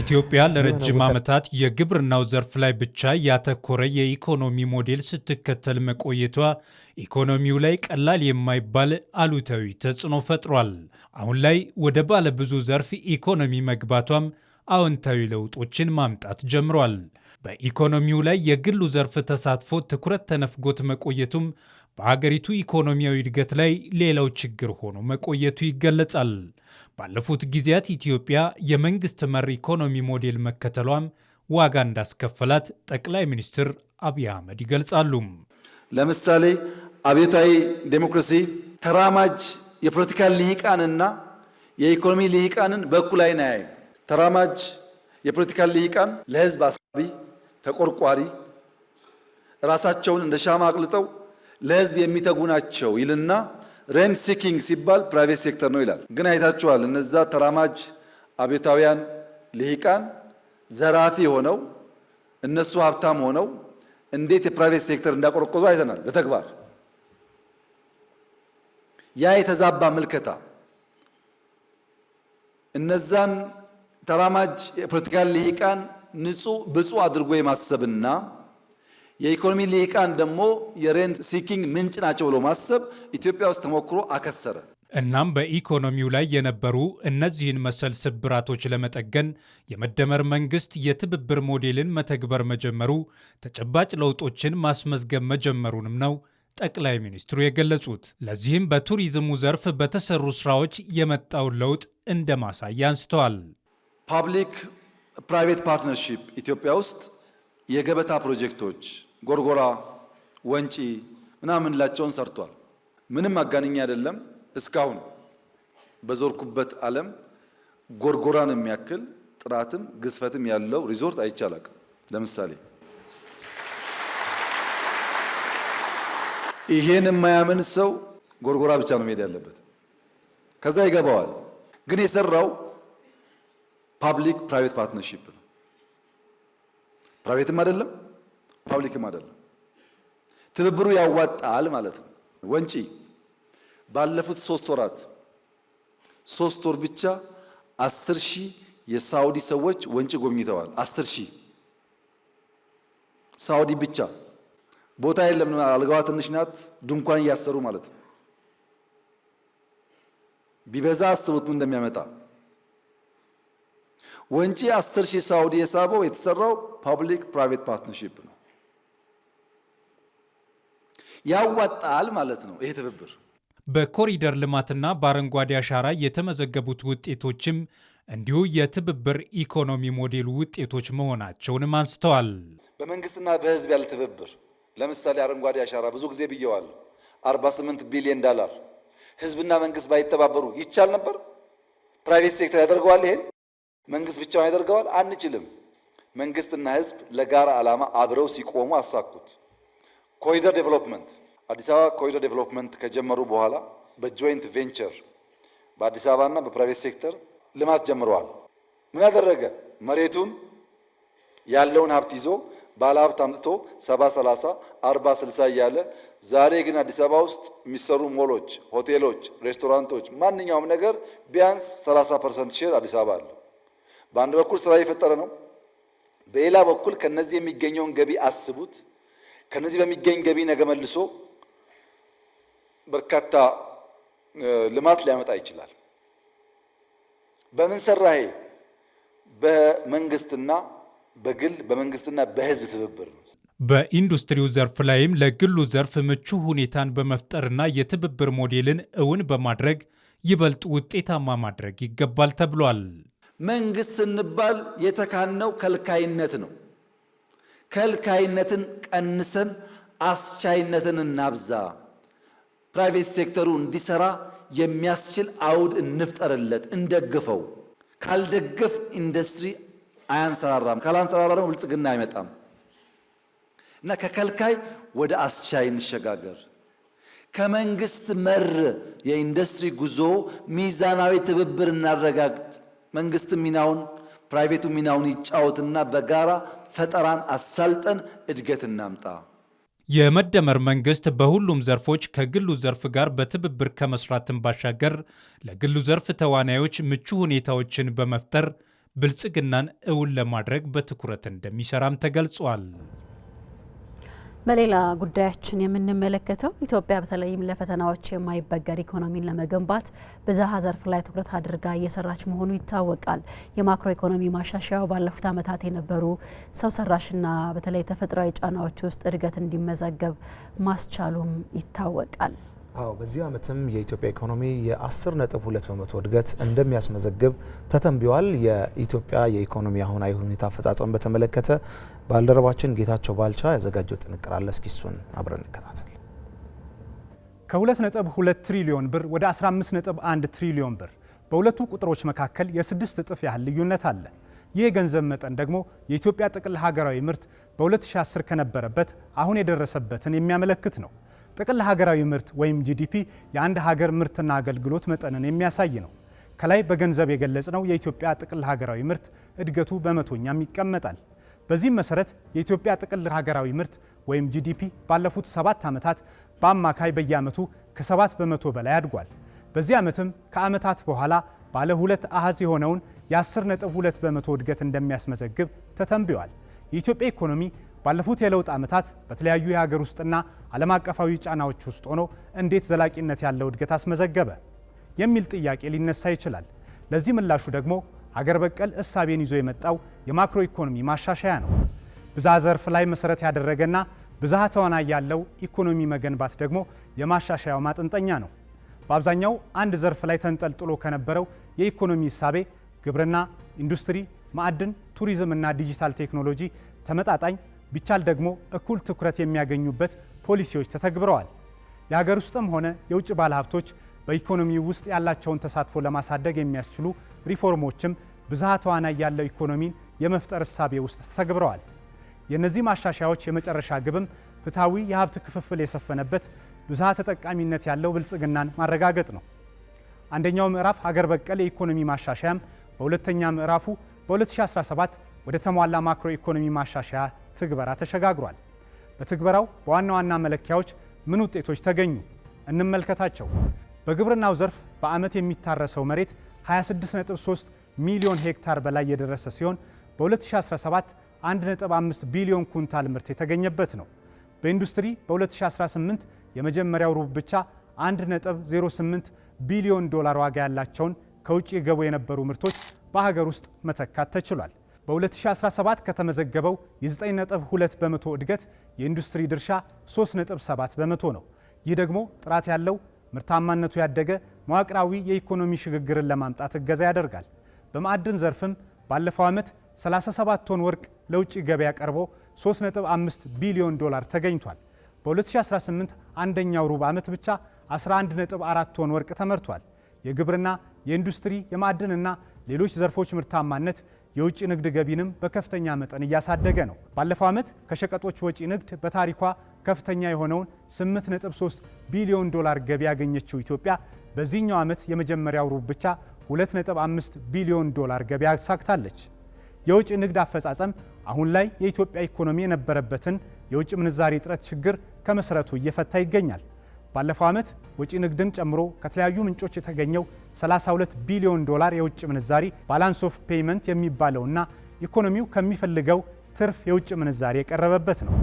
ኢትዮጵያ ለረጅም ዓመታት የግብርናው ዘርፍ ላይ ብቻ ያተኮረ የኢኮኖሚ ሞዴል ስትከተል መቆየቷ ኢኮኖሚው ላይ ቀላል የማይባል አሉታዊ ተጽዕኖ ፈጥሯል። አሁን ላይ ወደ ባለ ብዙ ዘርፍ ኢኮኖሚ መግባቷም አዎንታዊ ለውጦችን ማምጣት ጀምሯል። በኢኮኖሚው ላይ የግሉ ዘርፍ ተሳትፎ ትኩረት ተነፍጎት መቆየቱም በአገሪቱ ኢኮኖሚያዊ እድገት ላይ ሌላው ችግር ሆኖ መቆየቱ ይገለጻል። ባለፉት ጊዜያት ኢትዮጵያ የመንግስት መር ኢኮኖሚ ሞዴል መከተሏም ዋጋ እንዳስከፈላት ጠቅላይ ሚኒስትር አብይ አህመድ ይገልጻሉ። ለምሳሌ አብዮታዊ ዴሞክራሲ ተራማጅ የፖለቲካ ልሂቃንና የኢኮኖሚ ልሂቃንን በእኩል አይን አያይም። ተራማጅ የፖለቲካ ልሂቃን ለህዝብ አሳቢ፣ ተቆርቋሪ ራሳቸውን እንደ ሻማ አቅልጠው ለህዝብ የሚተጉ ናቸው ይልና ሬንት ሲኪንግ ሲባል ፕራይቬት ሴክተር ነው ይላል። ግን አይታችኋል፣ እነዛ ተራማጅ አብዮታውያን ልሂቃን ዘራፊ ሆነው እነሱ ሀብታም ሆነው እንዴት የፕራይቬት ሴክተር እንዳቆረቆዙ አይተናል በተግባር። ያ የተዛባ ምልከታ እነዛን ተራማጅ የፖለቲካን ልሂቃን ንጹህ ብፁዕ አድርጎ የማሰብና የኢኮኖሚ ሊቃን ደግሞ የሬንት ሲኪንግ ምንጭ ናቸው ብሎ ማሰብ ኢትዮጵያ ውስጥ ተሞክሮ አከሰረ። እናም በኢኮኖሚው ላይ የነበሩ እነዚህን መሰል ስብራቶች ለመጠገን የመደመር መንግስት የትብብር ሞዴልን መተግበር መጀመሩ ተጨባጭ ለውጦችን ማስመዝገብ መጀመሩንም ነው ጠቅላይ ሚኒስትሩ የገለጹት። ለዚህም በቱሪዝሙ ዘርፍ በተሰሩ ስራዎች የመጣውን ለውጥ እንደ ማሳያ አንስተዋል። ፓብሊክ ፕራይቬት ፓርትነርሺፕ ኢትዮጵያ ውስጥ የገበታ ፕሮጀክቶች ጎርጎራ፣ ወንጪ ምናምን ላቸውን ሰርቷል። ምንም አጋንኛ አይደለም። እስካሁን በዞርኩበት ዓለም ጎርጎራን የሚያክል ጥራትም ግዝፈትም ያለው ሪዞርት አይቻላቅም። ለምሳሌ ይሄን የማያምን ሰው ጎርጎራ ብቻ ነው መሄድ ያለበት፣ ከዛ ይገባዋል። ግን የሰራው ፓብሊክ ፕራይቬት ፓርትነርሺፕ ነው። ፕራይቬትም አይደለም ፓብሊክም አይደለም። ትብብሩ ያዋጣል ማለት ነው። ወንጪ ባለፉት ሶስት ወራት ሶስት ወር ብቻ አስር ሺህ የሳውዲ ሰዎች ወንጪ ጎብኝተዋል። አስር ሺህ ሳውዲ ብቻ ቦታ የለም። አልጋዋ ትንሽ ናት። ድንኳን እያሰሩ ማለት ነው። ቢበዛ አስቡት እንደሚያመጣ ወንጪ አስር ሺህ ሳውዲ የሳበው የተሰራው ፓብሊክ ፕራይቬት ፓርትነርሺፕ ነው። ያዋጣል ማለት ነው ይሄ ትብብር። በኮሪደር ልማትና በአረንጓዴ አሻራ የተመዘገቡት ውጤቶችም እንዲሁ የትብብር ኢኮኖሚ ሞዴሉ ውጤቶች መሆናቸውንም አንስተዋል። በመንግስትና በህዝብ ያለ ትብብር ለምሳሌ አረንጓዴ አሻራ ብዙ ጊዜ ብየዋል 48 ቢሊዮን ዳላር ህዝብና መንግስት ባይተባበሩ ይቻል ነበር። ፕራይቬት ሴክተር ያደርገዋል፣ ይሄን መንግስት ብቻውን ያደርገዋል? አንችልም። መንግስትና ህዝብ ለጋራ ዓላማ አብረው ሲቆሙ አሳኩት። ኮሪደር ዴቨሎፕመንት አዲስ አበባ ኮሪደር ዴቨሎፕመንት ከጀመሩ በኋላ በጆይንት ቬንቸር በአዲስ አበባና በፕራይቬት ሴክተር ልማት ጀምረዋል። ምን ያደረገ መሬቱን ያለውን ሀብት ይዞ ባለ ሀብት አምጥቶ ሰባ ሰላሳ አርባ ስልሳ እያለ ዛሬ ግን አዲስ አበባ ውስጥ የሚሰሩ ሞሎች፣ ሆቴሎች፣ ሬስቶራንቶች ማንኛውም ነገር ቢያንስ 30 ፐርሰንት ሼር አዲስ አበባ አለው። በአንድ በኩል ስራ እየፈጠረ ነው። በሌላ በኩል ከነዚህ የሚገኘውን ገቢ አስቡት። ከነዚህ በሚገኝ ገቢ ነገ መልሶ በርካታ ልማት ሊያመጣ ይችላል። በምን ሰራሄ? በመንግስትና በግል በመንግስትና በህዝብ ትብብር ነው። በኢንዱስትሪው ዘርፍ ላይም ለግሉ ዘርፍ ምቹ ሁኔታን በመፍጠርና የትብብር ሞዴልን እውን በማድረግ ይበልጥ ውጤታማ ማድረግ ይገባል ተብሏል። መንግስት ስንባል የተካነው ከልካይነት ነው። ከልካይነትን ቀንሰን አስቻይነትን እናብዛ። ፕራይቬት ሴክተሩ እንዲሰራ የሚያስችል አውድ እንፍጠርለት፣ እንደግፈው። ካልደገፍ ኢንዱስትሪ አያንሰራራም፣ ካላንሰራራ ደግሞ ብልጽግና አይመጣም እና ከከልካይ ወደ አስቻይ እንሸጋገር። ከመንግስት መር የኢንዱስትሪ ጉዞ ሚዛናዊ ትብብር እናረጋግጥ። መንግስት ሚናውን ፕራይቬቱ ሚናውን ይጫወትና በጋራ ፈጠራን አሳልጠን እድገት እናምጣ። የመደመር መንግስት በሁሉም ዘርፎች ከግሉ ዘርፍ ጋር በትብብር ከመስራትን ባሻገር ለግሉ ዘርፍ ተዋናዮች ምቹ ሁኔታዎችን በመፍጠር ብልጽግናን እውን ለማድረግ በትኩረት እንደሚሰራም ተገልጿል። በሌላ ጉዳያችን የምንመለከተው ኢትዮጵያ በተለይም ለፈተናዎች የማይበገር ኢኮኖሚን ለመገንባት ብዝሃ ዘርፍ ላይ ትኩረት አድርጋ እየሰራች መሆኑ ይታወቃል። የማክሮ ኢኮኖሚ ማሻሻያው ባለፉት ዓመታት የነበሩ ሰው ሰራሽና በተለይ ተፈጥሯዊ ጫናዎች ውስጥ እድገት እንዲመዘገብ ማስቻሉም ይታወቃል። አዎ በዚህ ዓመትም የኢትዮጵያ ኢኮኖሚ የ10.2 በመቶ እድገት እንደሚያስመዘግብ ተተንብዋል። የኢትዮጵያ የኢኮኖሚ አሁናዊ ሁኔታ አፈጻጸም በተመለከተ ባልደረባችን ጌታቸው ባልቻ ያዘጋጀው ጥንቅር አለ። እስኪ እሱን አብረን እንከታተል። ከ2.2 ትሪሊዮን ብር ወደ 15.1 ትሪሊዮን ብር በሁለቱ ቁጥሮች መካከል የስድስት እጥፍ ያህል ልዩነት አለ። ይህ የገንዘብ መጠን ደግሞ የኢትዮጵያ ጥቅል ሀገራዊ ምርት በ2010 ከነበረበት አሁን የደረሰበትን የሚያመለክት ነው። ጥቅል ሀገራዊ ምርት ወይም ጂዲፒ የአንድ ሀገር ምርትና አገልግሎት መጠንን የሚያሳይ ነው። ከላይ በገንዘብ ነው የኢትዮጵያ ጥቅል ሀገራዊ ምርት እድገቱ በመቶኛም ይቀመጣል። በዚህም መሰረት የኢትዮጵያ ጥቅል ሀገራዊ ምርት ወይም ጂዲፒ ባለፉት ሰባት ዓመታት በአማካይ በየዓመቱ ከሰባት በመቶ በላይ አድጓል። በዚህ ዓመትም ከዓመታት በኋላ ባለ ሁለት አሃዝ የሆነውን የ10.2 በመቶ እድገት እንደሚያስመዘግብ ተተንብዮአል። የኢትዮጵያ ኢኮኖሚ ባለፉት የለውጥ ዓመታት በተለያዩ የሀገር ውስጥና ዓለም አቀፋዊ ጫናዎች ውስጥ ሆኖ እንዴት ዘላቂነት ያለው እድገት አስመዘገበ የሚል ጥያቄ ሊነሳ ይችላል። ለዚህ ምላሹ ደግሞ ሀገር በቀል እሳቤን ይዞ የመጣው የማክሮ ኢኮኖሚ ማሻሻያ ነው። ብዝሃ ዘርፍ ላይ መሰረት ያደረገና ብዝሃ ተዋናይ ያለው ኢኮኖሚ መገንባት ደግሞ የማሻሻያው ማጠንጠኛ ነው። በአብዛኛው አንድ ዘርፍ ላይ ተንጠልጥሎ ከነበረው የኢኮኖሚ እሳቤ ግብርና፣ ኢንዱስትሪ፣ ማዕድን፣ ቱሪዝም እና ዲጂታል ቴክኖሎጂ ተመጣጣኝ ቢቻል ደግሞ እኩል ትኩረት የሚያገኙበት ፖሊሲዎች ተተግብረዋል። የሀገር ውስጥም ሆነ የውጭ ባለሀብቶች በኢኮኖሚ ውስጥ ያላቸውን ተሳትፎ ለማሳደግ የሚያስችሉ ሪፎርሞችም ብዝሃ ተዋናይ ያለው ኢኮኖሚን የመፍጠር እሳቤ ውስጥ ተተግብረዋል። የእነዚህ ማሻሻያዎች የመጨረሻ ግብም ፍትሐዊ የሀብት ክፍፍል የሰፈነበት ብዝሃ ተጠቃሚነት ያለው ብልጽግናን ማረጋገጥ ነው። አንደኛው ምዕራፍ ሀገር በቀል የኢኮኖሚ ማሻሻያም በሁለተኛ ምዕራፉ በ2017 ወደ ተሟላ ማክሮ ኢኮኖሚ ማሻሻያ ትግበራ ተሸጋግሯል። በትግበራው በዋና ዋና መለኪያዎች ምን ውጤቶች ተገኙ? እንመልከታቸው። በግብርናው ዘርፍ በዓመት የሚታረሰው መሬት 26.3 ሚሊዮን ሄክታር በላይ የደረሰ ሲሆን በ2017 1.5 ቢሊዮን ኩንታል ምርት የተገኘበት ነው። በኢንዱስትሪ በ2018 የመጀመሪያው ሩብ ብቻ 1.08 ቢሊዮን ዶላር ዋጋ ያላቸውን ከውጭ የገቡ የነበሩ ምርቶች በሀገር ውስጥ መተካት ተችሏል። በ2017 ከተመዘገበው የ9.2 በመቶ እድገት የኢንዱስትሪ ድርሻ 3.7 በመቶ ነው። ይህ ደግሞ ጥራት ያለው ምርታማነቱ ያደገ መዋቅራዊ የኢኮኖሚ ሽግግርን ለማምጣት እገዛ ያደርጋል። በማዕድን ዘርፍም ባለፈው ዓመት 37 ቶን ወርቅ ለውጭ ገበያ ቀርቦ 3.5 ቢሊዮን ዶላር ተገኝቷል። በ2018 አንደኛው ሩብ ዓመት ብቻ 11.4 ቶን ወርቅ ተመርቷል። የግብርና፣ የኢንዱስትሪ፣ የማዕድንና ሌሎች ዘርፎች ምርታማነት የውጭ ንግድ ገቢንም በከፍተኛ መጠን እያሳደገ ነው። ባለፈው ዓመት ከሸቀጦች ወጪ ንግድ በታሪኳ ከፍተኛ የሆነውን 8.3 ቢሊዮን ዶላር ገቢ ያገኘችው ኢትዮጵያ በዚህኛው ዓመት የመጀመሪያው ሩብ ብቻ 2.5 ቢሊዮን ዶላር ገቢ አሳክታለች። የውጭ ንግድ አፈጻጸም አሁን ላይ የኢትዮጵያ ኢኮኖሚ የነበረበትን የውጭ ምንዛሪ እጥረት ችግር ከመሰረቱ እየፈታ ይገኛል። ባለፈው ዓመት ወጪ ንግድን ጨምሮ ከተለያዩ ምንጮች የተገኘው 32 ቢሊዮን ዶላር የውጭ ምንዛሪ ባላንስ ኦፍ ፔይመንት የሚባለውና ኢኮኖሚው ከሚፈልገው ትርፍ የውጭ ምንዛሪ የቀረበበት ነው።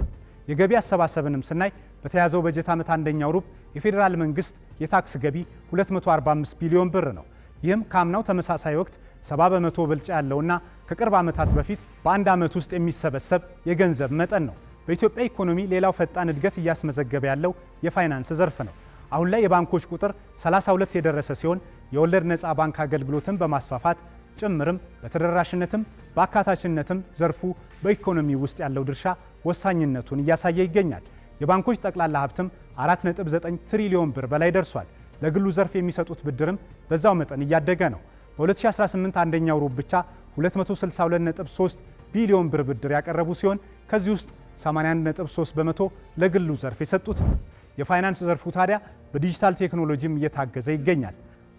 የገቢ አሰባሰብንም ስናይ በተያዘው በጀት ዓመት አንደኛው ሩብ የፌዴራል መንግስት የታክስ ገቢ 245 ቢሊዮን ብር ነው። ይህም ከአምናው ተመሳሳይ ወቅት 70 በመቶ ብልጫ ያለውና ከቅርብ ዓመታት በፊት በአንድ ዓመት ውስጥ የሚሰበሰብ የገንዘብ መጠን ነው። በኢትዮጵያ ኢኮኖሚ ሌላው ፈጣን እድገት እያስመዘገበ ያለው የፋይናንስ ዘርፍ ነው። አሁን ላይ የባንኮች ቁጥር 32 የደረሰ ሲሆን የወለድ ነፃ ባንክ አገልግሎትን በማስፋፋት ጭምርም በተደራሽነትም በአካታችነትም ዘርፉ በኢኮኖሚ ውስጥ ያለው ድርሻ ወሳኝነቱን እያሳየ ይገኛል። የባንኮች ጠቅላላ ሀብትም 4.9 ትሪሊዮን ብር በላይ ደርሷል። ለግሉ ዘርፍ የሚሰጡት ብድርም በዛው መጠን እያደገ ነው። በ2018 አንደኛው ሩብ ብቻ 262.3 ቢሊዮን ብር ብድር ያቀረቡ ሲሆን ከዚህ ውስጥ 81.3 በመቶ ለግሉ ዘርፍ የሰጡት ነው። የፋይናንስ ዘርፉ ታዲያ በዲጂታል ቴክኖሎጂም እየታገዘ ይገኛል።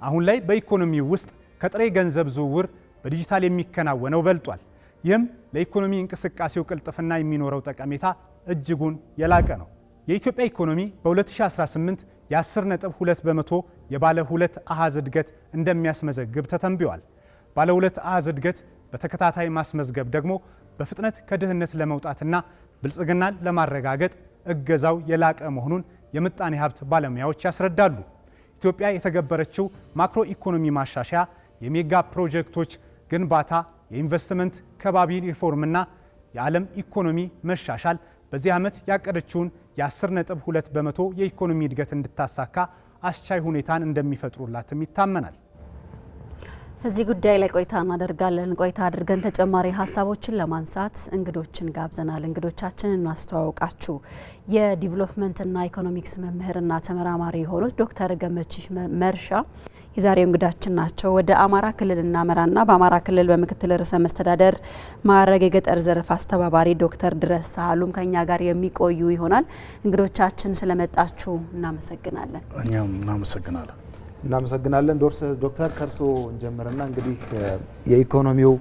አሁን ላይ በኢኮኖሚ ውስጥ ከጥሬ ገንዘብ ዝውውር በዲጂታል የሚከናወነው በልጧል። ይህም ለኢኮኖሚ እንቅስቃሴው ቅልጥፍና የሚኖረው ጠቀሜታ እጅጉን የላቀ ነው። የኢትዮጵያ ኢኮኖሚ በ2018 የ10.2 በመቶ የባለ ሁለት አሃዝ እድገት እንደሚያስመዘግብ ተተንብዋል። ባለ ሁለት አሃዝ እድገት በተከታታይ ማስመዝገብ ደግሞ በፍጥነት ከድህነት ለመውጣትና ብልጽግናን ለማረጋገጥ እገዛው የላቀ መሆኑን የምጣኔ ሀብት ባለሙያዎች ያስረዳሉ። ኢትዮጵያ የተገበረችው ማክሮ ኢኮኖሚ ማሻሻያ፣ የሜጋ ፕሮጀክቶች ግንባታ፣ የኢንቨስትመንት ከባቢ ሪፎርምና የዓለም ኢኮኖሚ መሻሻል በዚህ ዓመት ያቀደችውን የ10.2 በመቶ የኢኮኖሚ እድገት እንድታሳካ አስቻይ ሁኔታን እንደሚፈጥሩላትም ይታመናል። እዚህ ጉዳይ ላይ ቆይታ እናደርጋለን። ቆይታ አድርገን ተጨማሪ ሀሳቦችን ለማንሳት እንግዶችን ጋብዘናል። እንግዶቻችንን እናስተዋውቃችሁ። የዲቨሎፕመንትና ኢኮኖሚክስ መምህርና ተመራማሪ የሆኑት ዶክተር ገመችሽ መርሻ የዛሬው እንግዳችን ናቸው። ወደ አማራ ክልል እናመራና በአማራ ክልል በምክትል ርዕሰ መስተዳደር ማዕረግ የገጠር ዘርፍ አስተባባሪ ዶክተር ድረስ ሳህሉም ከኛ ጋር የሚቆዩ ይሆናል። እንግዶቻችን ስለመጣችሁ እናመሰግናለን። እኛም እናመሰግናለን። እናመሰግናለን ዶክተር ከርሶ እንጀምርና እንግዲህ የኢኮኖሚው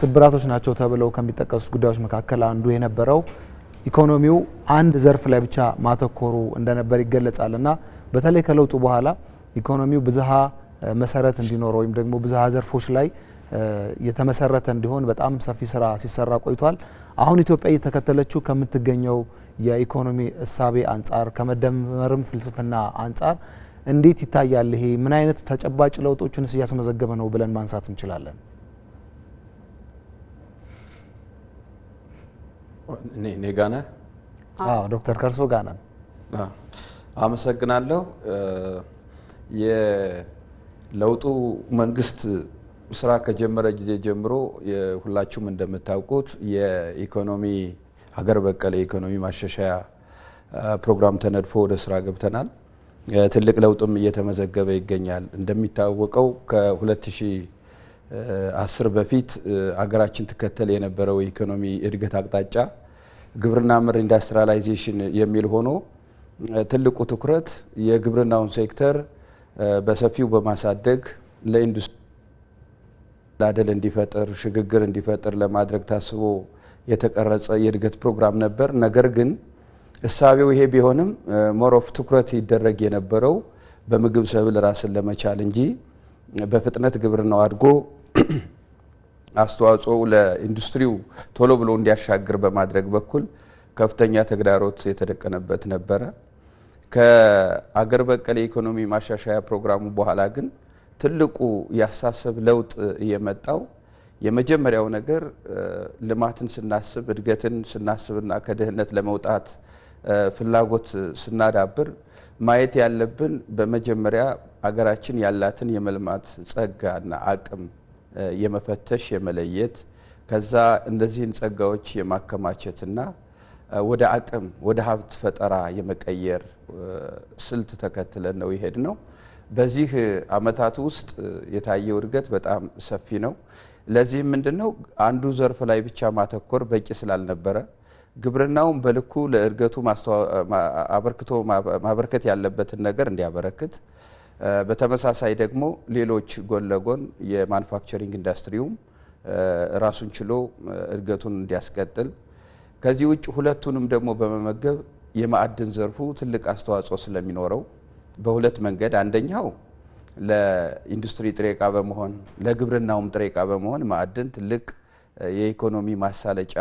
ስብራቶች ናቸው ተብለው ከሚጠቀሱት ጉዳዮች መካከል አንዱ የነበረው ኢኮኖሚው አንድ ዘርፍ ላይ ብቻ ማተኮሩ እንደነበር ይገለጻል እና በተለይ ከለውጡ በኋላ ኢኮኖሚው ብዝሃ መሰረት እንዲኖረው ወይም ደግሞ ብዝሃ ዘርፎች ላይ የተመሰረተ እንዲሆን በጣም ሰፊ ስራ ሲሰራ ቆይቷል። አሁን ኢትዮጵያ እየተከተለችው ከምትገኘው የኢኮኖሚ እሳቤ አንጻር ከመደመርም ፍልስፍና አንጻር እንዴት ይታያል? ይሄ ምን አይነት ተጨባጭ ለውጦችን እያስመዘገበ ነው ብለን ማንሳት እንችላለን? እኔ ጋነ ዶክተር ከርሶ ጋነ አመሰግናለሁ። የለውጡ መንግስት ስራ ከጀመረ ጊዜ ጀምሮ ሁላችሁም እንደምታውቁት የኢኮኖሚ ሀገር በቀል የኢኮኖሚ ማሻሻያ ፕሮግራም ተነድፎ ወደ ስራ ገብተናል። ትልቅ ለውጥም እየተመዘገበ ይገኛል። እንደሚታወቀው ከ2010 በፊት አገራችን ትከተል የነበረው የኢኮኖሚ እድገት አቅጣጫ ግብርና ምር ኢንዱስትሪያላይዜሽን የሚል ሆኖ ትልቁ ትኩረት የግብርናውን ሴክተር በሰፊው በማሳደግ ለኢንዱስትሪ ላደል እንዲፈጥር ሽግግር እንዲፈጥር ለማድረግ ታስቦ የተቀረጸ የእድገት ፕሮግራም ነበር። ነገር ግን እሳቤው ይሄ ቢሆንም ሞሮፍ ትኩረት ይደረግ የነበረው በምግብ ሰብል ራስን ለመቻል እንጂ በፍጥነት ግብርናው አድጎ አስተዋጽኦ ለኢንዱስትሪው ቶሎ ብሎ እንዲያሻግር በማድረግ በኩል ከፍተኛ ተግዳሮት የተደቀነበት ነበረ። ከአገር በቀል የኢኮኖሚ ማሻሻያ ፕሮግራሙ በኋላ ግን ትልቁ ያሳሰብ ለውጥ የመጣው የመጀመሪያው ነገር ልማትን ስናስብ እድገትን ስናስብና ከድህነት ለመውጣት ፍላጎት ስናዳብር ማየት ያለብን በመጀመሪያ አገራችን ያላትን የመልማት ጸጋና አቅም የመፈተሽ የመለየት ከዛ እነዚህን ጸጋዎች የማከማቸትና ወደ አቅም ወደ ሀብት ፈጠራ የመቀየር ስልት ተከትለን ነው ይሄድ ነው። በዚህ አመታት ውስጥ የታየው እድገት በጣም ሰፊ ነው። ለዚህም ምንድን ነው አንዱ ዘርፍ ላይ ብቻ ማተኮር በቂ ስላልነበረ ግብርናውን በልኩ ለእድገቱ አበርክቶ ማበርከት ያለበትን ነገር እንዲያበረክት በተመሳሳይ ደግሞ ሌሎች ጎን ለጎን የማኑፋክቸሪንግ ኢንዱስትሪውም ራሱን ችሎ እድገቱን እንዲያስቀጥል ከዚህ ውጭ ሁለቱንም ደግሞ በመመገብ የማዕድን ዘርፉ ትልቅ አስተዋጽኦ ስለሚኖረው በሁለት መንገድ አንደኛው ለኢንዱስትሪ ጥሬ በመሆን ለግብርናውም ጥሬ ዕቃ በመሆን ማዕድን ትልቅ የኢኮኖሚ ማሳለጫ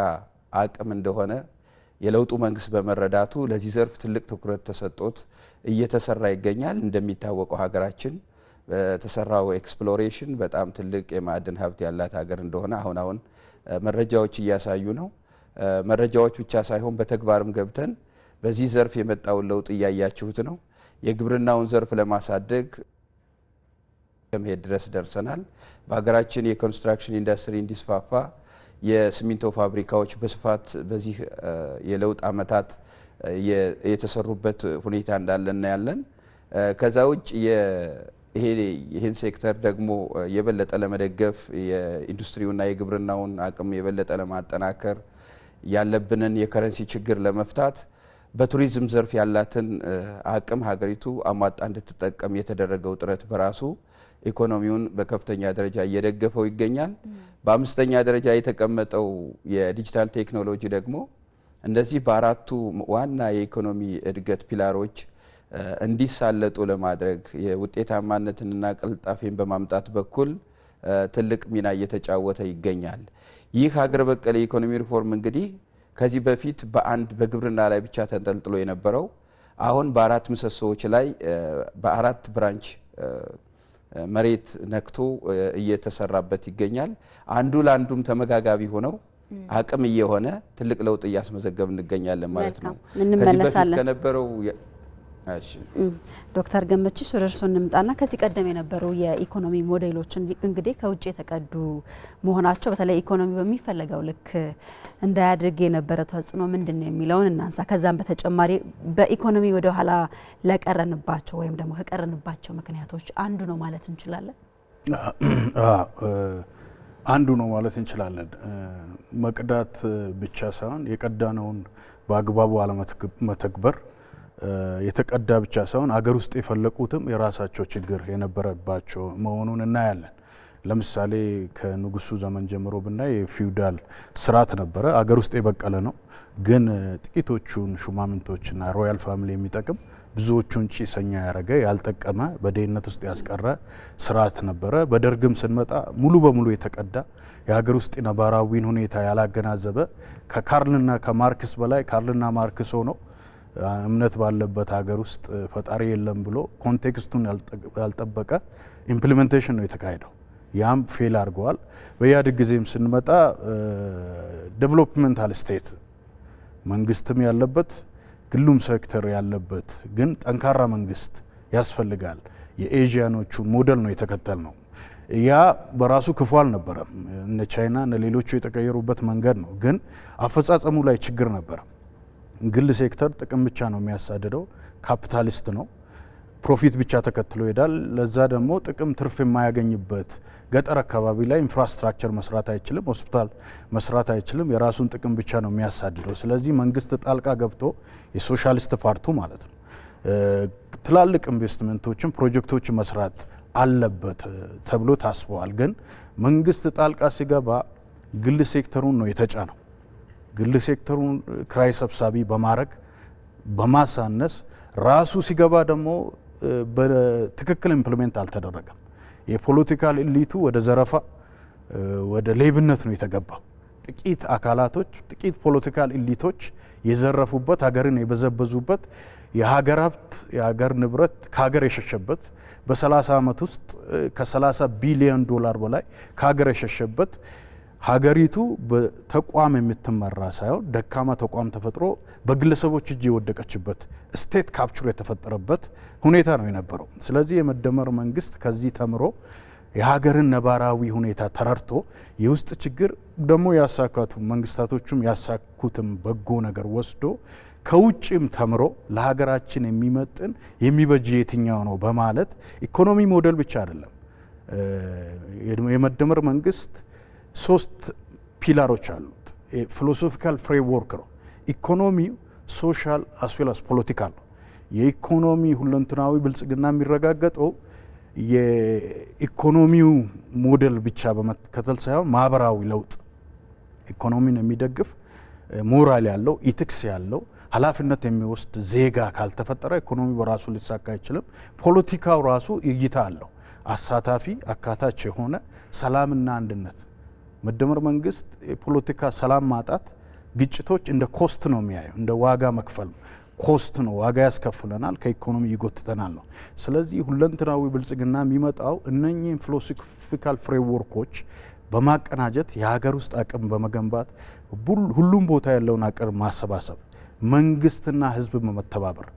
አቅም እንደሆነ የለውጡ መንግስት በመረዳቱ ለዚህ ዘርፍ ትልቅ ትኩረት ተሰጥቶት እየተሰራ ይገኛል። እንደሚታወቀው ሀገራችን በተሰራው ኤክስፕሎሬሽን በጣም ትልቅ የማዕድን ሀብት ያላት ሀገር እንደሆነ አሁን አሁን መረጃዎች እያሳዩ ነው። መረጃዎች ብቻ ሳይሆን በተግባርም ገብተን በዚህ ዘርፍ የመጣውን ለውጥ እያያችሁት ነው። የግብርናውን ዘርፍ ለማሳደግ ከመሄድ ድረስ ደርሰናል። በሀገራችን የኮንስትራክሽን ኢንዱስትሪ እንዲስፋፋ የሲሚንቶ ፋብሪካዎች በስፋት በዚህ የለውጥ ዓመታት የተሰሩበት ሁኔታ እንዳለ እናያለን። ከዛ ውጭ ይህን ሴክተር ደግሞ የበለጠ ለመደገፍ የኢንዱስትሪውና የግብርናውን አቅም የበለጠ ለማጠናከር ያለብንን የከረንሲ ችግር ለመፍታት በቱሪዝም ዘርፍ ያላትን አቅም ሀገሪቱ አሟጣ እንድትጠቀም የተደረገው ጥረት በራሱ ኢኮኖሚውን በከፍተኛ ደረጃ እየደገፈው ይገኛል። በአምስተኛ ደረጃ የተቀመጠው የዲጂታል ቴክኖሎጂ ደግሞ እንደዚህ በአራቱ ዋና የኢኮኖሚ እድገት ፒላሮች እንዲሳለጡ ለማድረግ የውጤታማነትንና ቅልጣፌን በማምጣት በኩል ትልቅ ሚና እየተጫወተ ይገኛል። ይህ ሀገር በቀል የኢኮኖሚ ሪፎርም እንግዲህ ከዚህ በፊት በአንድ በግብርና ላይ ብቻ ተንጠልጥሎ የነበረው አሁን በአራት ምሰሶዎች ላይ በአራት ብራንች መሬት ነክቶ እየተሰራበት ይገኛል። አንዱ ለአንዱም ተመጋጋቢ ሆነው አቅም እየሆነ ትልቅ ለውጥ እያስመዘገብ እንገኛለን ማለት ነው። ከዚህ በፊት ከነበረው ዶክተር ገመችስ ወደ እርስዎ እንምጣና ከዚህ ቀደም የነበሩ የኢኮኖሚ ሞዴሎች እንግዲህ ከውጭ የተቀዱ መሆናቸው በተለይ ኢኮኖሚ በሚፈለገው ልክ እንዳያድርግ የነበረ ተጽዕኖ ምንድን ነው የሚለውን እናንሳ። ከዛም በተጨማሪ በኢኮኖሚ ወደ ኋላ ለቀረንባቸው ወይም ደግሞ ከቀረንባቸው ምክንያቶች አንዱ ነው ማለት እንችላለን። አንዱ ነው ማለት እንችላለን። መቅዳት ብቻ ሳይሆን የቀዳነውን በአግባቡ አለመተግበር የተቀዳ ብቻ ሳይሆን አገር ውስጥ የፈለቁትም የራሳቸው ችግር የነበረባቸው መሆኑን እናያለን። ለምሳሌ ከንጉሱ ዘመን ጀምሮ ብናይ የፊውዳል ስርዓት ነበረ። አገር ውስጥ የበቀለ ነው፣ ግን ጥቂቶቹን ሹማምንቶችና ሮያል ፋሚሊ የሚጠቅም ብዙዎቹን ጭሰኛ ያደረገ ያልጠቀመ በድህነት ውስጥ ያስቀረ ስርዓት ነበረ። በደርግም ስንመጣ ሙሉ በሙሉ የተቀዳ የሀገር ውስጥ ነባራዊን ሁኔታ ያላገናዘበ ከካርልና ከማርክስ በላይ ካርልና ማርክስ ሆነው እምነት ባለበት ሀገር ውስጥ ፈጣሪ የለም ብሎ ኮንቴክስቱን ያልጠበቀ ኢምፕሊሜንቴሽን ነው የተካሄደው። ያም ፌል አድርገዋል። በኢህአዴግ ጊዜም ስንመጣ ዴቨሎፕመንታል ስቴት መንግስትም ያለበት ግሉም ሴክተር ያለበት ግን ጠንካራ መንግስት ያስፈልጋል። የኤዥያኖቹ ሞዴል ነው የተከተል ነው። ያ በራሱ ክፉ አልነበረም። እነ ቻይና እነ ሌሎቹ የተቀየሩበት መንገድ ነው። ግን አፈጻጸሙ ላይ ችግር ነበረ። ግል ሴክተር ጥቅም ብቻ ነው የሚያሳድደው። ካፒታሊስት ነው። ፕሮፊት ብቻ ተከትሎ ይሄዳል። ለዛ ደግሞ ጥቅም ትርፍ የማያገኝበት ገጠር አካባቢ ላይ ኢንፍራስትራክቸር መስራት አይችልም፣ ሆስፒታል መስራት አይችልም። የራሱን ጥቅም ብቻ ነው የሚያሳድደው። ስለዚህ መንግስት ጣልቃ ገብቶ የሶሻሊስት ፓርቱ ማለት ነው ትላልቅ ኢንቨስትመንቶችን ፕሮጀክቶች መስራት አለበት ተብሎ ታስበዋል። ግን መንግስት ጣልቃ ሲገባ ግል ሴክተሩን ነው የተጫነው። ግል ሴክተሩን ክራይ ሰብሳቢ በማድረግ በማሳነስ ራሱ ሲገባ ደግሞ በትክክል ኢምፕሊሜንት አልተደረገም። የፖለቲካል እሊቱ ወደ ዘረፋ ወደ ሌብነት ነው የተገባው። ጥቂት አካላቶች ጥቂት ፖለቲካል ኤሊቶች የዘረፉበት ሀገርን የበዘበዙበት የሀገር ሀብት የሀገር ንብረት ከሀገር የሸሸበት በ30 ዓመት ውስጥ ከ30 ቢሊዮን ዶላር በላይ ከሀገር የሸሸበት ሀገሪቱ በተቋም የምትመራ ሳይሆን ደካማ ተቋም ተፈጥሮ በግለሰቦች እጅ የወደቀችበት ስቴት ካፕቹር የተፈጠረበት ሁኔታ ነው የነበረው። ስለዚህ የመደመር መንግስት ከዚህ ተምሮ የሀገርን ነባራዊ ሁኔታ ተረድቶ የውስጥ ችግር ደግሞ ያሳካቱ መንግስታቶቹም ያሳኩትም በጎ ነገር ወስዶ ከውጭም ተምሮ ለሀገራችን የሚመጥን የሚበጅ የትኛው ነው በማለት ኢኮኖሚ ሞዴል ብቻ አይደለም የመደመር መንግስት ሶስት ፒላሮች አሉት። ፊሎሶፊካል ፍሬምወርክ ነው። ኢኮኖሚው ሶሻል አስዌላስ ፖለቲካል ነው። የኢኮኖሚ ሁለንትናዊ ብልጽግና የሚረጋገጠው የኢኮኖሚው ሞዴል ብቻ በመከተል ሳይሆን ማህበራዊ ለውጥ ኢኮኖሚን የሚደግፍ ሞራል ያለው ኢትክስ ያለው ኃላፊነት የሚወስድ ዜጋ ካልተፈጠረ ኢኮኖሚ በራሱ ሊሳካ አይችልም። ፖለቲካው ራሱ እይታ አለው። አሳታፊ አካታች የሆነ ሰላምና አንድነት መደመር መንግስት የፖለቲካ ሰላም ማጣት፣ ግጭቶች እንደ ኮስት ነው የሚያየው፣ እንደ ዋጋ መክፈል ኮስት ነው፣ ዋጋ ያስከፍለናል፣ ከኢኮኖሚ ይጎትተናል ነው። ስለዚህ ሁለንትናዊ ብልጽግና የሚመጣው እነኚህን ፊሎሶፊካል ፍሬምወርኮች በማቀናጀት የሀገር ውስጥ አቅም በመገንባት ሁሉም ቦታ ያለውን አቅም ማሰባሰብ፣ መንግስትና ህዝብ በመተባበር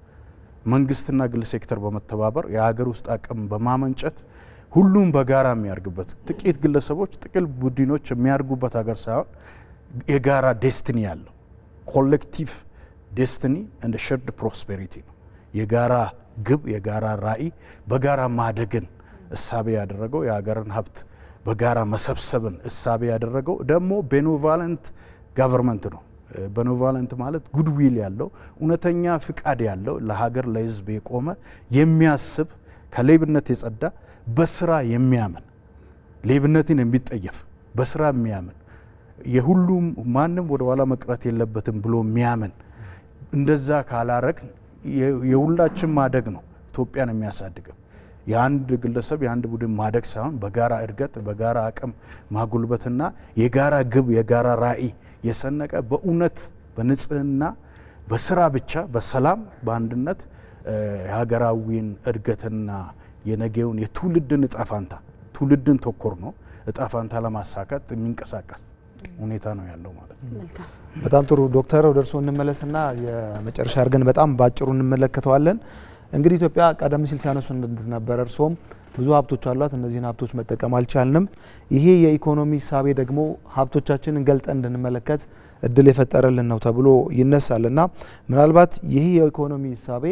መንግስትና ግል ሴክተር በመተባበር የሀገር ውስጥ አቅም በማመንጨት ሁሉም በጋራ የሚያርግበት ጥቂት ግለሰቦች፣ ጥቂት ቡድኖች የሚያርጉበት ሀገር ሳይሆን የጋራ ዴስቲኒ ያለው ኮሌክቲቭ ዴስቲኒ እንደ ሸርድ ፕሮስፔሪቲ ነው። የጋራ ግብ፣ የጋራ ራዕይ፣ በጋራ ማደግን እሳቤ ያደረገው የሀገርን ሀብት በጋራ መሰብሰብን እሳቤ ያደረገው ደግሞ ቤኖቫለንት ጋቨርንመንት ነው። በኖቫለንት ማለት ጉድዊል ያለው እውነተኛ ፍቃድ ያለው ለሀገር ለሕዝብ የቆመ የሚያስብ ከሌብነት የጸዳ በስራ የሚያምን ሌብነትን የሚጠየፍ በስራ የሚያምን የሁሉም ማንም ወደ ኋላ መቅረት የለበትም ብሎ የሚያምን እንደዛ ካላረግ የሁላችን ማደግ ነው ኢትዮጵያን የሚያሳድገው። የአንድ ግለሰብ የአንድ ቡድን ማደግ ሳይሆን በጋራ እድገት፣ በጋራ አቅም ማጉልበትና የጋራ ግብ፣ የጋራ ራዕይ የሰነቀ በእውነት በንጽህና በስራ ብቻ በሰላም በአንድነት የሀገራዊን እድገትና የነገውን የትውልድን እጣፋንታ ትውልድን ተኮር ነው እጣፋንታ ለማሳካት የሚንቀሳቀስ ሁኔታ ነው ያለው ማለት ነው። በጣም ጥሩ ዶክተር፣ ወደ እርስዎ እንመለስና የመጨረሻ አድርገን በጣም በአጭሩ እንመለከተዋለን። እንግዲህ ኢትዮጵያ ቀደም ሲል ሲያነሱ እንደነበረ እርስዎም ብዙ ሀብቶች አሏት። እነዚህን ሀብቶች መጠቀም አልቻልንም። ይሄ የኢኮኖሚ ሳቤ ደግሞ ሀብቶቻችንን ገልጠን እንድንመለከት እድል የፈጠረልን ነው ተብሎ ይነሳልና ምናልባት ይሄ የኢኮኖሚ ሳቤ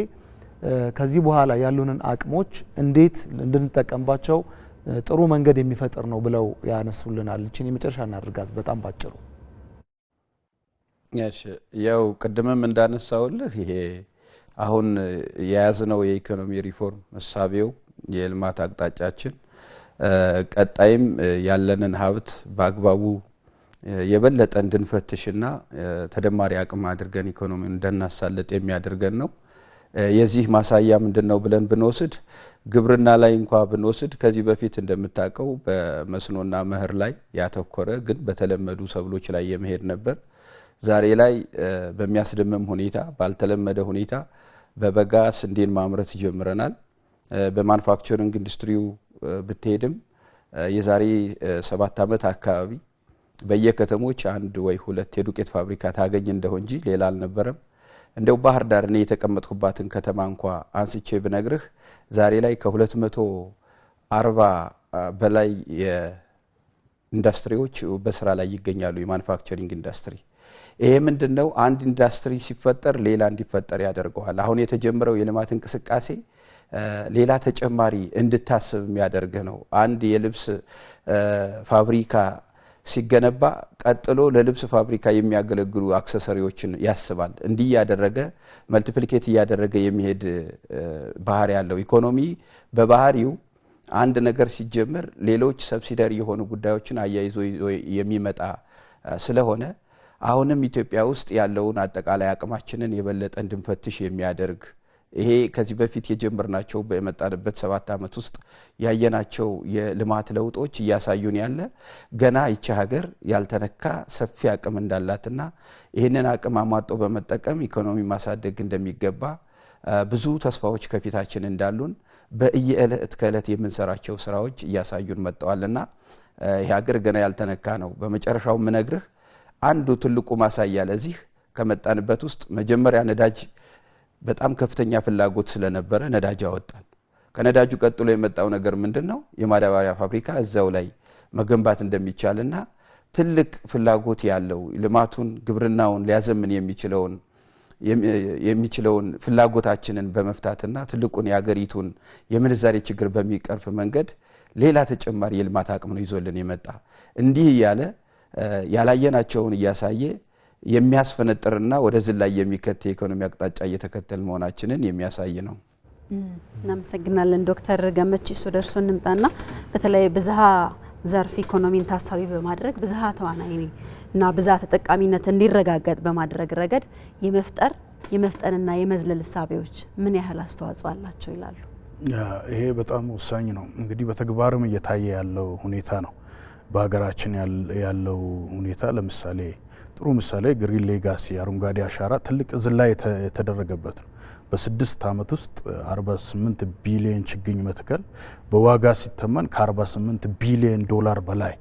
ከዚህ በኋላ ያሉንን አቅሞች እንዴት እንድንጠቀምባቸው ጥሩ መንገድ የሚፈጥር ነው ብለው ያነሱልናል። እችን የመጨረሻ እናድርጋት በጣም ባጭሩ። ያው ቅድምም እንዳነሳውልህ ይሄ አሁን የያዝነው የኢኮኖሚ ሪፎርም እሳቤው የልማት አቅጣጫችን ቀጣይም ያለንን ሀብት በአግባቡ የበለጠ እንድንፈትሽና ተደማሪ አቅም አድርገን ኢኮኖሚን እንድናሳልጥ የሚያደርገን ነው። የዚህ ማሳያ ምንድን ነው ብለን ብንወስድ ግብርና ላይ እንኳ ብንወስድ ከዚህ በፊት እንደምታውቀው በመስኖና መኸር ላይ ያተኮረ ግን በተለመዱ ሰብሎች ላይ የመሄድ ነበር። ዛሬ ላይ በሚያስደምም ሁኔታ ባልተለመደ ሁኔታ በበጋ ስንዴን ማምረት ጀምረናል። በማኑፋክቸሪንግ ኢንዱስትሪው ብትሄድም የዛሬ ሰባት ዓመት አካባቢ በየከተሞች አንድ ወይ ሁለት የዱቄት ፋብሪካ ታገኝ እንደሆ እንጂ ሌላ አልነበረም። እንደው ባህር ዳር እኔ የተቀመጥኩባትን ከተማ እንኳ አንስቼ ብነግርህ ዛሬ ላይ ከ240 በላይ ኢንዱስትሪዎች በስራ ላይ ይገኛሉ። የማኑፋክቸሪንግ ኢንዱስትሪ ይሄ ምንድን ነው? አንድ ኢንዱስትሪ ሲፈጠር ሌላ እንዲፈጠር ያደርገዋል። አሁን የተጀመረው የልማት እንቅስቃሴ ሌላ ተጨማሪ እንድታስብ የሚያደርግህ ነው። አንድ የልብስ ፋብሪካ ሲገነባ ቀጥሎ ለልብስ ፋብሪካ የሚያገለግሉ አክሰሰሪዎችን ያስባል። እንዲህ እያደረገ መልቲፕሊኬት እያደረገ የሚሄድ ባህሪ ያለው ኢኮኖሚ በባህሪው አንድ ነገር ሲጀመር ሌሎች ሰብሲደሪ የሆኑ ጉዳዮችን አያይዞ የሚመጣ ስለሆነ አሁንም ኢትዮጵያ ውስጥ ያለውን አጠቃላይ አቅማችንን የበለጠ እንድንፈትሽ የሚያደርግ ይሄ ከዚህ በፊት የጀመርናቸው በመጣንበት ሰባት ዓመት ውስጥ ያየናቸው የልማት ለውጦች እያሳዩን ያለ ገና ይቺ ሀገር ያልተነካ ሰፊ አቅም እንዳላትና ይህንን አቅም አሟጦ በመጠቀም ኢኮኖሚ ማሳደግ እንደሚገባ ብዙ ተስፋዎች ከፊታችን እንዳሉን በየዕለት ከዕለት የምንሰራቸው ስራዎች እያሳዩን መጥተዋልና ይህ ሀገር ገና ያልተነካ ነው። በመጨረሻው የምነግርህ አንዱ ትልቁ ማሳያ ለዚህ ከመጣንበት ውስጥ መጀመሪያ ነዳጅ በጣም ከፍተኛ ፍላጎት ስለነበረ ነዳጅ አወጣን። ከነዳጁ ቀጥሎ የመጣው ነገር ምንድን ነው? የማዳበሪያ ፋብሪካ እዛው ላይ መገንባት እንደሚቻልና ትልቅ ፍላጎት ያለው ልማቱን፣ ግብርናውን ሊያዘምን የሚችለውን የሚችለውን ፍላጎታችንን በመፍታትና ትልቁን የአገሪቱን የምንዛሬ ችግር በሚቀርፍ መንገድ ሌላ ተጨማሪ የልማት አቅም ነው ይዞልን የመጣ እንዲህ እያለ ያላየናቸውን እያሳየ የሚያስፈነጥርና ወደ ዝላይ የሚከት የኢኮኖሚ አቅጣጫ እየተከተል መሆናችንን የሚያሳይ ነው። እናመሰግናለን ዶክተር ገመቺስ ወደ እንምጣና በተለይ ብዝሃ ዘርፍ ኢኮኖሚን ታሳቢ በማድረግ ብዝሃ ተዋናይ እና ብዝሃ ተጠቃሚነት እንዲረጋገጥ በማድረግ ረገድ የመፍጠር የመፍጠንና የመዝለል እሳቤዎች ምን ያህል አስተዋጽኦ አላቸው ይላሉ? ይሄ በጣም ወሳኝ ነው። እንግዲህ በተግባርም እየታየ ያለው ሁኔታ ነው። በሀገራችን ያለው ሁኔታ ለምሳሌ ጥሩ ምሳሌ ግሪን ሌጋሲ አረንጓዴ አሻራ ትልቅ ዝላ የተደረገበት ነው። በስድስት ዓመት ውስጥ 48 ቢሊዮን ችግኝ መትከል በዋጋ ሲተመን ከ48 ቢሊዮን ዶላር በላይ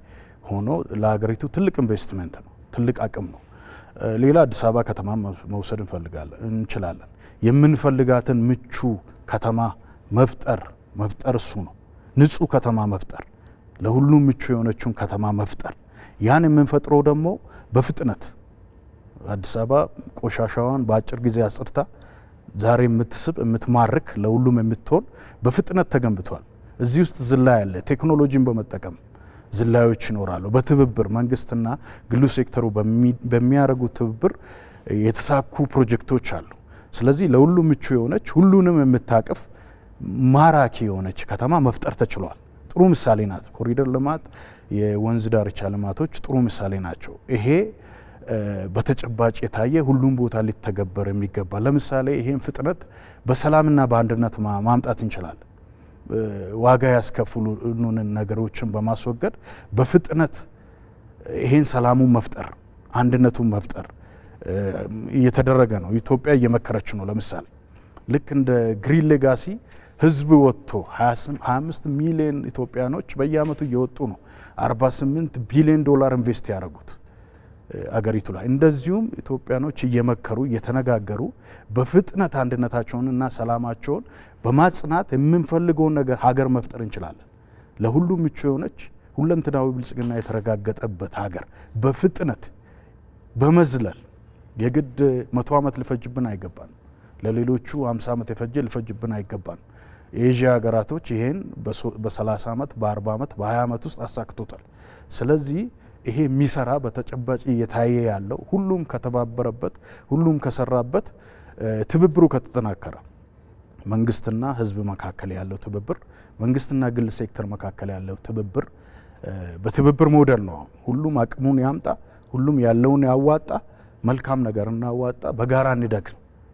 ሆኖ ለሀገሪቱ ትልቅ ኢንቨስትመንት ነው፣ ትልቅ አቅም ነው። ሌላ አዲስ አበባ ከተማ መውሰድ እንፈልጋለን እንችላለን። የምንፈልጋትን ምቹ ከተማ መፍጠር መፍጠር እሱ ነው። ንጹህ ከተማ መፍጠር፣ ለሁሉም ምቹ የሆነችውን ከተማ መፍጠር ያን የምንፈጥረው ደግሞ በፍጥነት አዲስ አበባ ቆሻሻዋን በአጭር ጊዜ አጽርታ ዛሬ የምትስብ የምትማርክ ለሁሉም የምትሆን በፍጥነት ተገንብቷል። እዚህ ውስጥ ዝላይ አለ። ቴክኖሎጂን በመጠቀም ዝላዮች ይኖራሉ። በትብብር መንግስትና ግሉ ሴክተሩ በሚያደርጉ ትብብር የተሳኩ ፕሮጀክቶች አሉ። ስለዚህ ለሁሉም ምቹ የሆነች ሁሉንም የምታቅፍ ማራኪ የሆነች ከተማ መፍጠር ተችሏል። ጥሩ ምሳሌ ናት ኮሪደር ልማት የወንዝ ዳርቻ ልማቶች ጥሩ ምሳሌ ናቸው። ይሄ በተጨባጭ የታየ ሁሉም ቦታ ሊተገበር የሚገባ ለምሳሌ ይሄን ፍጥነት በሰላምና በአንድነት ማምጣት እንችላለን። ዋጋ ያስከፍሉንን ነገሮችን በማስወገድ በፍጥነት ይሄን ሰላሙን መፍጠር አንድነቱን መፍጠር እየተደረገ ነው። ኢትዮጵያ እየመከረች ነው። ለምሳሌ ልክ እንደ ግሪን ሌጋሲ ህዝብ ወጥቶ 25 ሚሊዮን ኢትዮጵያኖች በየአመቱ እየወጡ ነው 48 ቢሊዮን ዶላር ኢንቨስት ያደረጉት አገሪቱ ላይ እንደዚሁም ኢትዮጵያኖች እየመከሩ እየተነጋገሩ በፍጥነት አንድነታቸውንና ሰላማቸውን በማጽናት የምንፈልገውን ነገር ሀገር መፍጠር እንችላለን። ለሁሉም ምቹ የሆነች ሁለንትናዊ ብልጽግና የተረጋገጠበት ሀገር በፍጥነት በመዝለል የግድ መቶ ዓመት ሊፈጅብን አይገባን። ለሌሎቹ 50 ዓመት የፈጀ ሊፈጅብን አይገባን። የኤዥያ ሀገራቶች ይሄን በ30 ዓመት በ40 ዓመት በ20 ዓመት ውስጥ አሳክቶታል። ስለዚህ ይሄ የሚሰራ በተጨባጭ እየታየ ያለው ሁሉም ከተባበረበት፣ ሁሉም ከሰራበት፣ ትብብሩ ከተጠናከረ መንግስትና ህዝብ መካከል ያለው ትብብር፣ መንግስትና ግል ሴክተር መካከል ያለው ትብብር በትብብር ሞዴል ነው። ሁሉም አቅሙን ያምጣ፣ ሁሉም ያለውን ያዋጣ፣ መልካም ነገር እናዋጣ፣ በጋራ እንደግ፣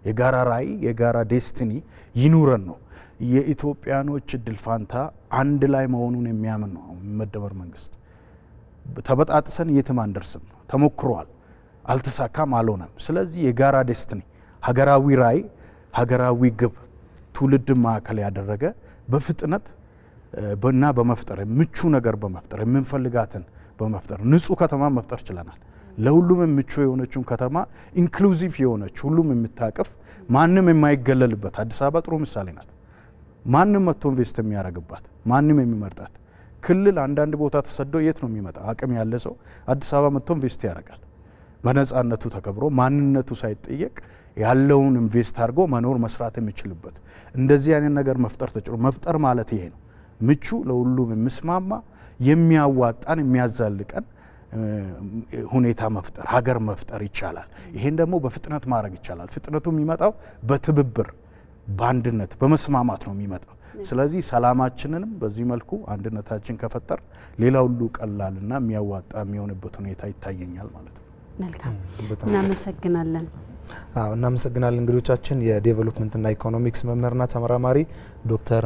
የጋራ ራዕይ የጋራ ዴስቲኒ ይኑረን ነው የኢትዮጵያኖች እድል ፋንታ አንድ ላይ መሆኑን የሚያምን ነው መደመር መንግስት። ተበጣጥሰን የትም አንደርስም። ተሞክሯል፣ አልተሳካም፣ አልሆነም። ስለዚህ የጋራ ደስትኒ ሀገራዊ ራዕይ፣ ሀገራዊ ግብ ትውልድ ማዕከል ያደረገ በፍጥነት እና በመፍጠር ምቹ ነገር በመፍጠር የምንፈልጋትን በመፍጠር ንጹህ ከተማ መፍጠር ችለናል። ለሁሉም ምቹ የሆነችውን ከተማ ኢንክሉዚቭ የሆነች ሁሉም የምታቅፍ ማንም የማይገለልበት አዲስ አበባ ጥሩ ምሳሌ ናት። ማንም መጥቶ ኢንቨስት የሚያደርግባት ማንም የሚመርጣት ክልል አንዳንድ ቦታ ተሰዶ የት ነው የሚመጣ? አቅም ያለ ሰው አዲስ አበባ መጥቶ ኢንቨስት ያደርጋል። በነጻነቱ ተከብሮ ማንነቱ ሳይጠየቅ ያለውን ኢንቨስት አድርጎ መኖር መስራት የሚችልበት እንደዚህ አይነት ነገር መፍጠር ተችሎ መፍጠር ማለት ይሄ ነው። ምቹ ለሁሉም የሚስማማ የሚያዋጣን የሚያዛልቀን ሁኔታ መፍጠር ሀገር መፍጠር ይቻላል። ይሄን ደግሞ በፍጥነት ማድረግ ይቻላል። ፍጥነቱ የሚመጣው በትብብር በአንድነት በመስማማት ነው የሚመጣው። ስለዚህ ሰላማችንንም በዚህ መልኩ አንድነታችን ከፈጠር ሌላ ሁሉ ቀላልና የሚያዋጣ የሚሆንበት ሁኔታ ይታየኛል ማለት ነው። መልካም እናመሰግናለን። አዎ እናመሰግናለን። እንግዶቻችን የዴቨሎፕመንትና ኢኮኖሚክስ መምህርና ተመራማሪ ዶክተር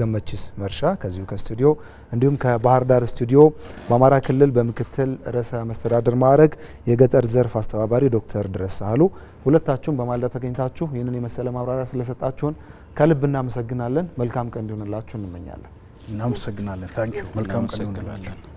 ገመችስ መርሻ ከዚሁ ከስቱዲዮ እንዲሁም ከባህር ዳር ስቱዲዮ በአማራ ክልል በምክትል ርዕሰ መስተዳድር ማዕረግ የገጠር ዘርፍ አስተባባሪ ዶክተር ድረስ ሳህሉ ሁለታችሁም በማለዳ ተገኝታችሁ ይህንን የመሰለ ማብራሪያ ስለሰጣችሁን ከልብ እናመሰግናለን። መልካም ቀን እንዲሆንላችሁ እንመኛለን። እናመሰግናለን። ታንኪዩ መልካም ቀን